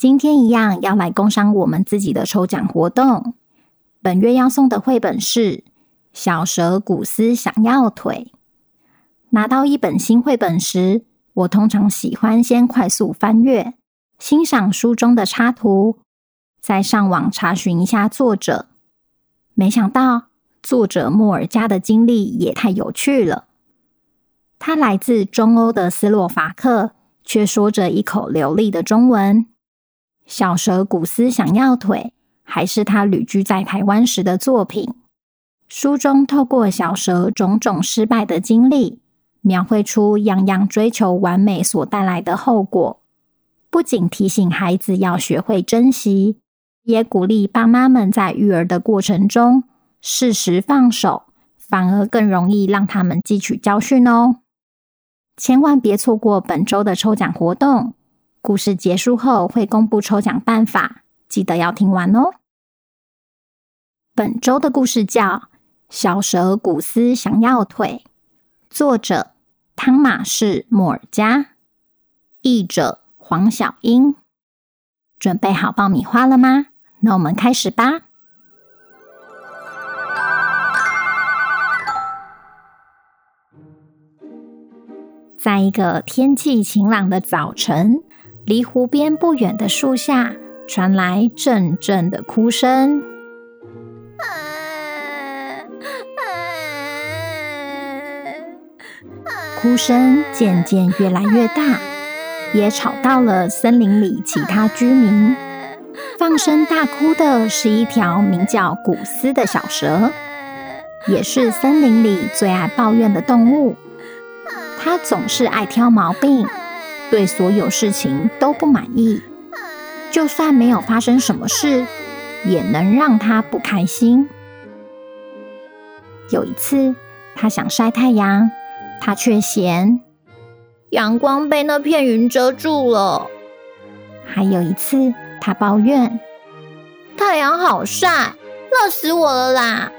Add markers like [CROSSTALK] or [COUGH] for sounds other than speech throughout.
今天一樣要來工商我們自己的抽獎活動。本月要送的繪本是《小蛇古斯想要腿》。拿到一本新繪本時，我通常喜歡先快速翻閱，欣賞書中的插圖，再上網查詢一下作者。沒想到作者莫爾加的經歷也太有趣了。他來自中歐的斯洛伐克，卻說着一口流利的中文。小蛇古斯想要腿，還是他旅居在台灣時的作品。書中透過小蛇種種失敗的經歷，描繪出樣樣追求完美所帶來的後果，不僅提醒孩子要學會珍惜，也鼓勵爸媽們在育兒的過程中適時放手，反而更容易讓他們汲取教訓哦。千萬別錯過本周的抽獎活動！故事結束後會公布抽獎辦法，記得要聽完哦。本周的故事叫《小蛇古斯想要腿》，作者湯瑪士莫爾加，譯者黃筱茵。準備好爆米花了嗎？那我們開始吧。在一個天氣晴朗的早晨。離湖邊不遠的樹下傳來陣陣的哭聲，哭聲漸漸越來越大，也吵到了森林裡其他居民。放聲大哭的是一條名叫古斯的小蛇，也是森林裡最愛抱怨的動物，它總是愛挑毛病。對所有事情都不滿意，就算沒有發生什麼事，也能讓他不開心。有一次，他想曬太陽，他卻嫌陽光被那片雲遮住了。還有一次，他抱怨太陽好曬，熱死我了啦。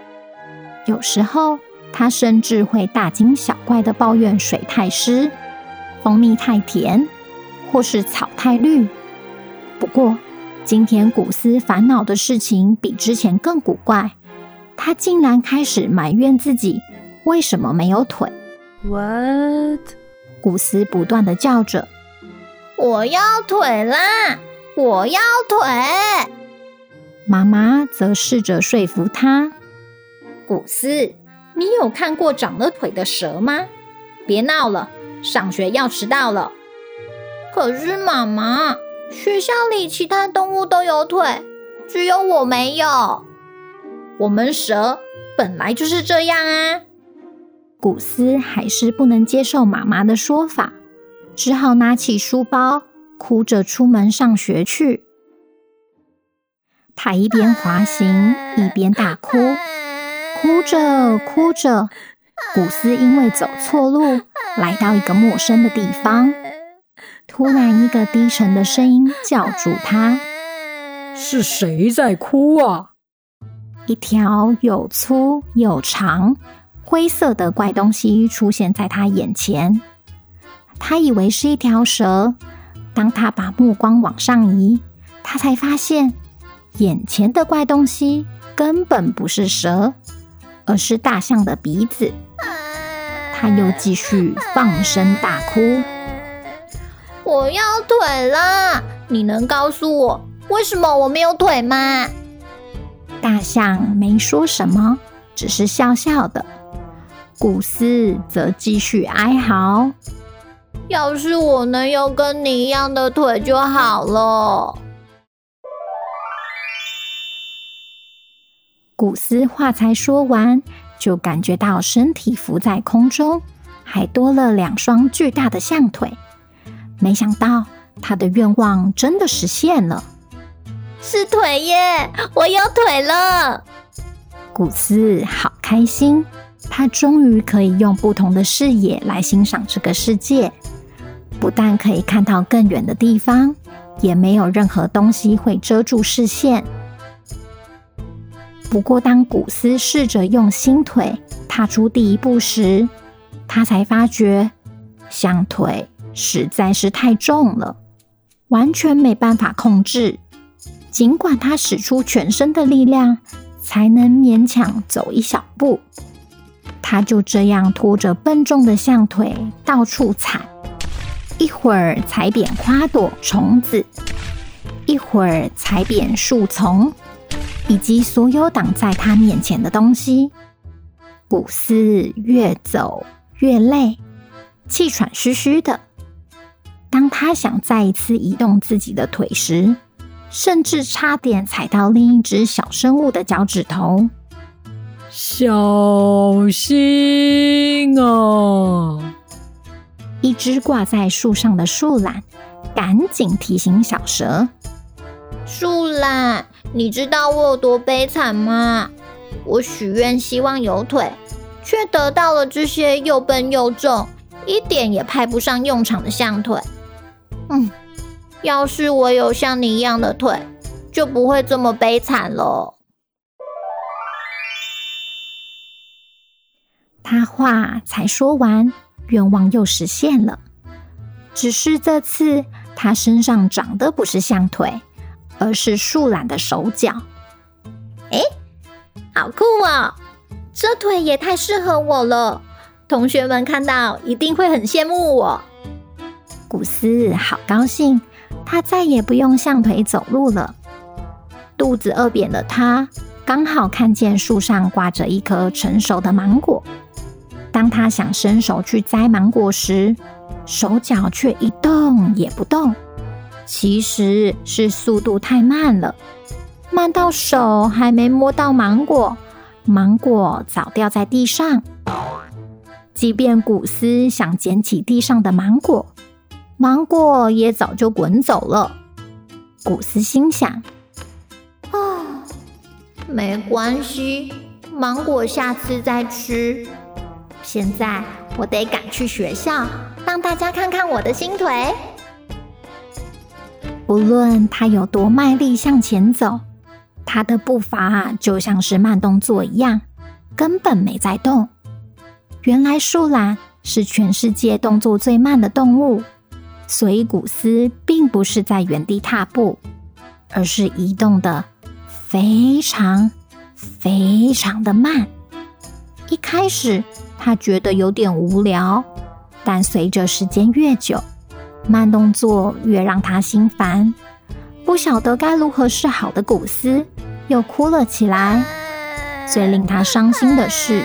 有時候，他甚至會大驚小怪地抱怨水太濕。蜂蜜太甜，或是草太綠。不過，今天古斯煩惱的事情比之前更古怪。他竟然開始埋怨自己，為什麼沒有腿？What？古斯不斷地叫着：“我要腿啦！我要腿！”媽媽則試着說服他：“古斯，你有看過長了腿的蛇嗎？別鬧了。”上學要遲到了，可是媽媽，學校裡其他動物都有腿，只有我沒有。我們蛇本來就是這樣啊。古斯還是不能接受媽媽的說法，只好拿起書包，哭着出門上學去。他一邊滑行，一邊大哭，哭着哭着，古斯因為走錯路，來到一個陌生的地方，突然一個低沉的聲音叫住他：“是誰在哭啊？”一條又粗又長、灰色的怪東西出現在他眼前，他以為是一條蛇。當他把目光往上移，他才發現眼前的怪東西根本不是蛇，而是大象的鼻子。他又繼續放聲大哭「我要腿啦！你能告訴我為什麼我沒有腿嗎？」大象沒說什麼，只是笑笑的。古斯則繼續哀嚎：“要是我能有跟你一樣的腿就好了。”古斯話才說完，就感覺到身體浮在空中，還多了兩雙巨大的象腿。沒想到他的願望真的實現了。是腿耶！我有腿了，古斯好開心，他終於可以用不同的視野來欣賞這個世界。不但可以看到更遠的地方，也沒有任何東西會遮住視線。不過，當古斯試着用新腿踏出第一步時，他才發覺象腿實在是太重了，完全沒辦法控制。儘管他使出全身的力量，才能勉強走一小步，他就這樣拖着笨重的象腿到處踩，一會兒踩扁花朵、蟲子，一會兒踩扁樹叢。以及所有擋在他面前的東西，古斯越走越累，氣喘吁吁的。當他想再一次移動自己的腿時，甚至差點踩到另一隻小生物的腳趾頭。小心哦！一隻掛在樹上的樹懶趕緊提醒小蛇。樹懶，你知道我有多悲慘嗎？我許願希望有腿，卻得到了這些又笨又重、一點也派不上用場的象腿。嗯，要是我有像你一樣的腿，就不會這麼悲慘了。他話才說完，願望又實現了，只是這次他身上長的不是象腿。而是樹懶的手腳，哎、欸，好酷哦！這腿也太適合我了，同學們看到一定會很羨慕我。古斯好高興，他再也不用象腿走路了。肚子餓扁的他，剛好看見樹上掛着一顆成熟的芒果。當他想伸手去摘芒果時，手腳卻一動也不動。其實是速度太慢了，慢到手還沒摸到芒果，芒果早掉在地上。即便古斯想撿起地上的芒果，芒果也早就滾走了。古斯心想：“哦，沒關係，芒果下次再吃。現在我得趕去學校，讓大家看看我的新腿。”無論他有多賣力向前走，他的步伐就像是慢動作一樣，根本沒在動。原來樹懶是全世界動作最慢的動物，所以古斯並不是在原地踏步，而是移動的非常非常的慢。一開始他覺得有點無聊，但隨着時間越久，慢動作越讓他心煩，不曉得該如何是好的古斯又哭了起來。最令他傷心的是，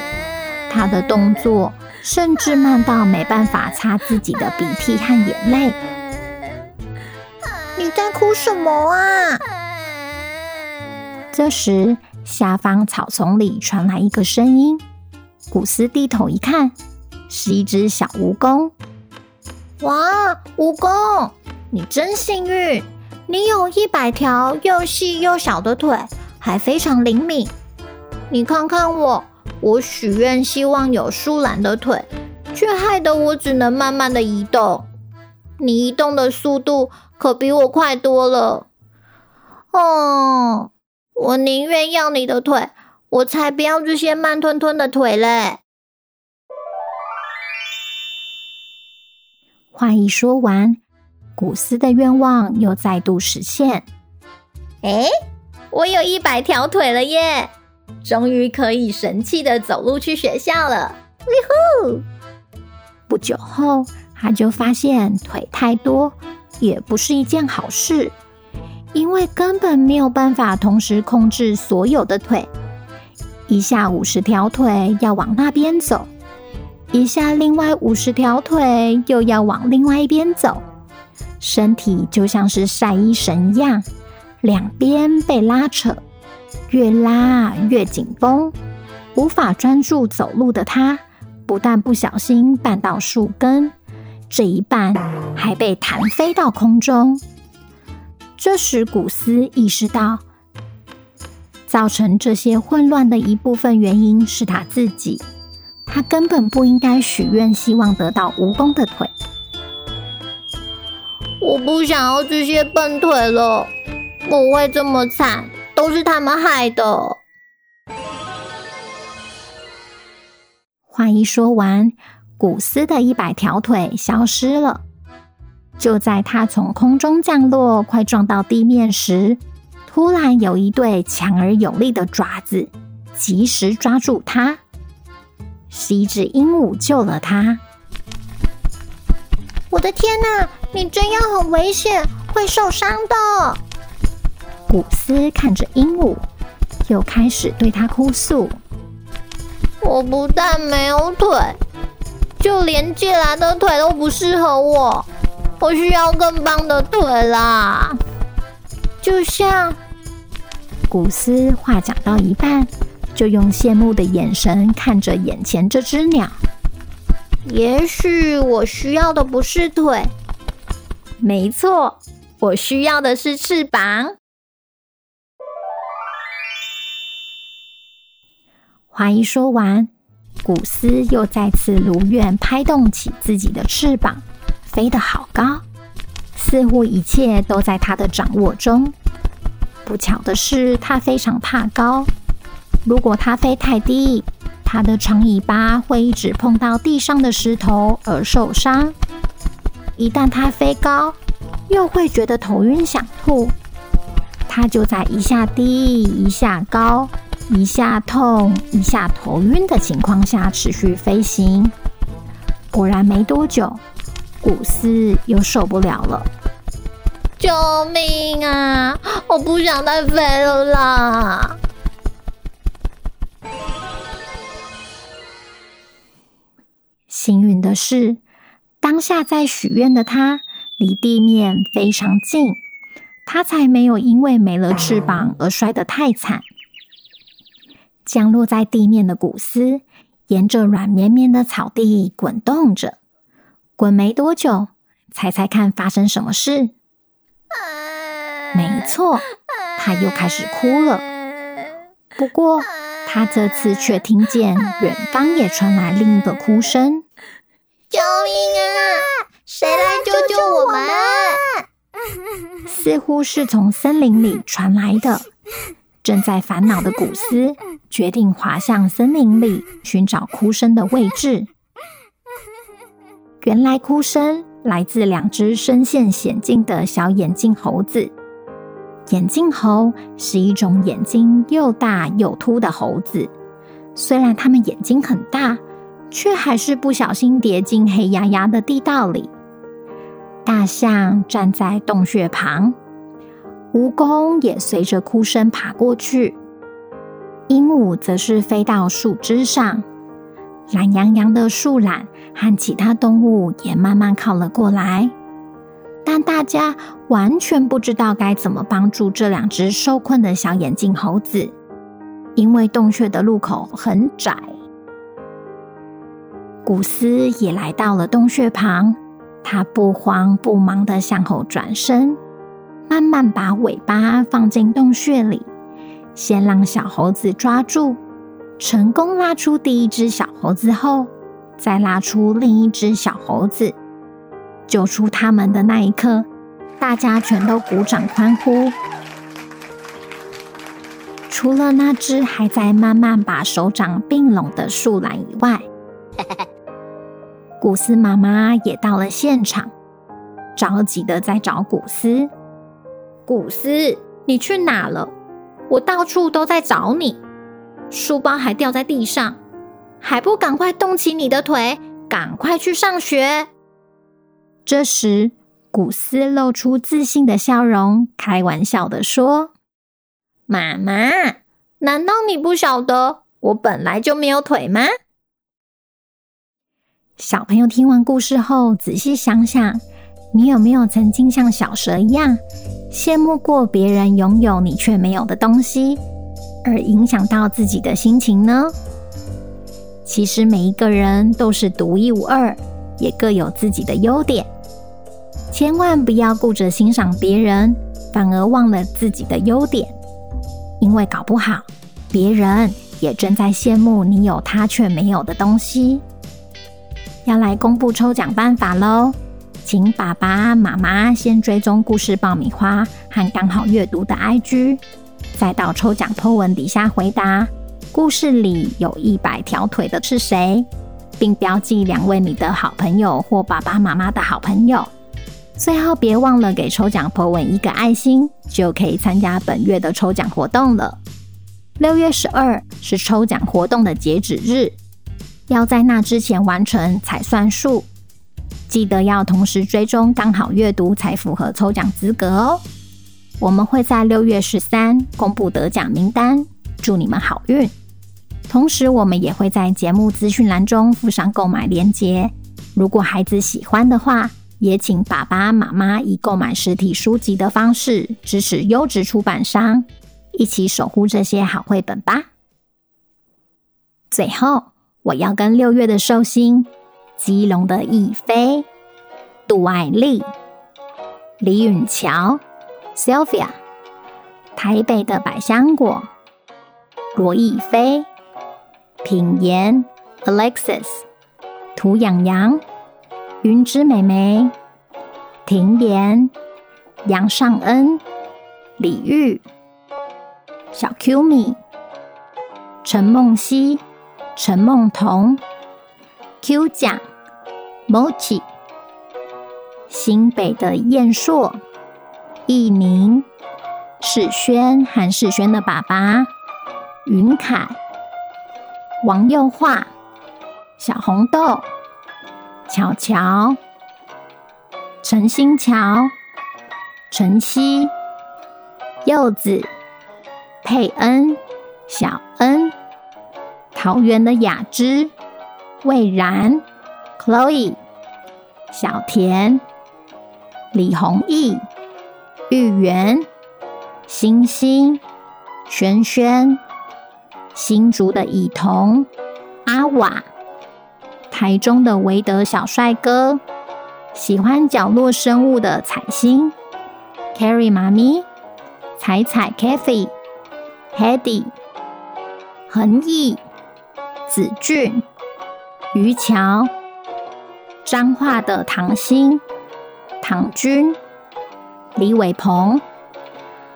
他的動作甚至慢到沒辦法擦自己的鼻涕和眼淚。你在哭什麼啊？這時，下方草叢裡傳來一個聲音。古斯低頭一看，是一隻小蜈蚣。哇，蜈蚣，你真幸運！你有一百條又細又小的腿，還非常靈敏。你看看我，我許願希望有樹懶的腿，卻害得我只能慢慢的移動。你移動的速度可比我快多了。哦，我寧願要你的腿，我才不要這些慢吞吞的腿嘞。話一說完，古斯的願望又再度實現。哎，我有一百條腿了耶！終於可以神氣的走路去學校了。嗚呼！不久後，他就發現腿太多也不是一件好事，因為根本沒有辦法同時控制所有的腿，一下五十條腿要往那邊走。一下，另外五十條腿又要往另外一邊走，身體就像是曬衣繩一樣，兩邊被拉扯，越拉越緊繃，無法專注走路的他，不但不小心絆到樹根，這一絆還被彈飛到空中。這時，古斯意識到，造成這些混亂的一部分原因是他自己。他根本不應該許願，希望得到蜈蚣的腿。我不想要這些笨腿了，我會這麼慘，都是他們害的。話一說完，古斯的一百條腿消失了。就在他從空中降落，快撞到地面時，突然有一對強而有力的爪子，及時抓住他。是一隻鸚鵡救了他。我的天哪，你這樣很危險，會受傷的。古斯看着鸚鵡，又開始對他哭訴：“我不但沒有腿，就連借來的腿都不適合我，我需要更棒的腿啦。”就像古斯話講到一半。就用羨慕的眼神看着眼前這隻鳥。也許我需要的不是腿，沒錯，我需要的是翅膀。話一說完，古斯又再次如願拍動起自己的翅膀，飛得好高，似乎一切都在他的掌握中。不巧的是，他非常怕高。如果它飛太低，它的長尾巴會一直碰到地上的石頭而受傷；一旦它飛高，又會覺得頭暈想吐。它就在一下低、一下高、一下痛、一下頭暈的情況下持續飛行。果然沒多久，古斯又受不了了：“救命啊！我不想再飛了啦！”幸運的是，當下在許願的他離地面非常近，他才沒有因為沒了翅膀而摔得太慘。降落在地面的古斯，沿着軟綿綿的草地滾動着，滾沒多久，猜猜看發生什麼事？沒錯，他又開始哭了。不過他這次卻聽見遠方也傳來另一個哭聲。救命啊！誰來救救我們啊？ [LAUGHS] 似乎是從森林裡傳來的。正在煩惱的古斯決定滑向森林裡，尋找哭聲的位置。原來哭聲來自兩隻身陷險境的小眼鏡猴子。眼鏡猴是一種眼睛又大又凸的猴子，雖然它們眼睛很大。卻還是不小心跌進黑壓壓的地道裡。大象站在洞穴旁，蜈蚣也隨着哭聲爬過去，鸚鵡則是飛到樹枝上，懶洋洋的樹懶和其他動物也慢慢靠了過來。但大家完全不知道該怎麼幫助這兩隻受困的小眼鏡猴子，因為洞穴的路口很窄。古斯也來到了洞穴旁，他不慌不忙的向後轉身，慢慢把尾巴放進洞穴裡，先讓小猴子抓住，成功拉出第一隻小猴子後，再拉出另一隻小猴子。救出他們的那一刻，大家全都鼓掌歡呼，除了那隻還在慢慢把手掌併攏的樹懶以外。 [LAUGHS] 古斯媽媽也到了現場，着急的在找古斯。古斯，你去哪了？我到處都在找你，書包還掉在地上，還不趕快動起你的腿，趕快去上學！這時，古斯露出自信的笑容，開玩笑的說：“媽媽，難道你不曉得我本來就沒有腿嗎？”小朋友聽完故事後，仔細想想，你有沒有曾經像小蛇一樣，羨慕過別人擁有你卻沒有的東西，而影響到自己的心情呢？其實每一個人都是獨一無二，也各有自己的優點。千萬不要顧着欣賞別人，反而忘了自己的優點。因為搞不好，別人也正在羨慕你有他卻沒有的東西。要來公布抽獎辦法嘍，請爸爸媽媽先追蹤故事爆米花和剛好閱讀的 IG，再到抽獎 po 文底下回答故事裡有一百條腿的是誰，並標記兩位你的好朋友或爸爸媽媽的好朋友。最後別忘了給抽獎 po 文一個愛心，就可以參加本月的抽獎活動了。六月十二是抽獎活動的截止日。要在那之前完成才算數，記得要同時追蹤剛好閱讀才符合抽獎資格哦。我們會在六月十三公布得獎名單，祝你們好運！同時，我們也會在節目資訊欄中附上購買鏈接。如果孩子喜歡的話，也請爸爸媽媽以購買實體書籍的方式支持優質出版商，一起守護這些好繪本吧。最後。我要跟六月的壽星，基隆的易飛、杜愛麗、李允喬 Sylvia, 台北的百香果、羅逸飛、品言、Alexis、涂養陽、雲芝妹妹，庭言、楊尚恩、李玉、小 Q 米、陳夢溪。陳夢彤、Q 醬、Mochi、新北的燕碩、藝寧、世軒、韓世軒的爸爸、雲凱、王佑樺、小紅豆、喬喬、陳新喬、晨曦、柚子、佩恩、小恩。桃園的雅芝、蔚然、Chloe、小田、李弘毅、玉園、星星、萱萱、新竹的乙彤、阿瓦、台中的維德小帥哥、喜歡角落生物的彩星 Carrie 媽咪、ary, ami，彩彩、Cathy、Hedy、恆毅。子俊、於橋、彰化的唐星、唐君、李偉鵬、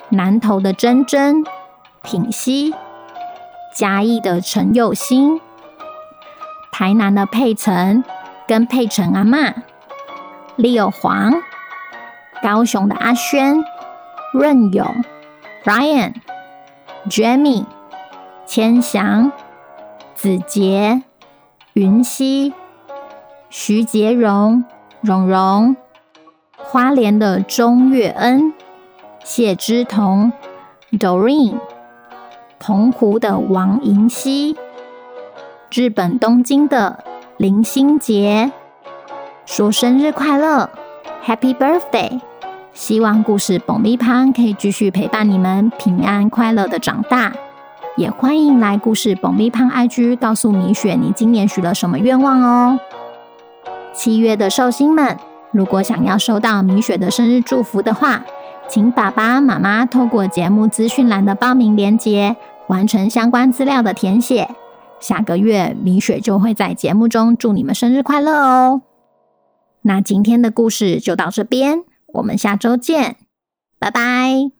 南投的珍珍、品溪、嘉義的陳佑興、台南的佩辰跟佩辰阿嬤、李友煌、高雄的阿軒、任勇、Ryan、Jamie、千祥。子杰、雲溪、徐杰榮、榮榮、花蓮的鍾月恩、謝之彤、Doreen、澎湖的王銀溪、日本東京的林心杰，說生日快樂，Happy Birthday！希望故事 b u m y 可以繼續陪伴你們平安快樂的長大。也歡迎來故事爆米花 IG 告訴米雪，你今年許了什麼願望哦。七月的壽星們，如果想要收到米雪的生日祝福的話，請爸爸媽媽透過節目資訊欄的報名鏈接，完成相關資料的填寫。下個月米雪就會在節目中祝你們生日快樂哦。那今天的故事就到這邊，我們下周見，拜拜。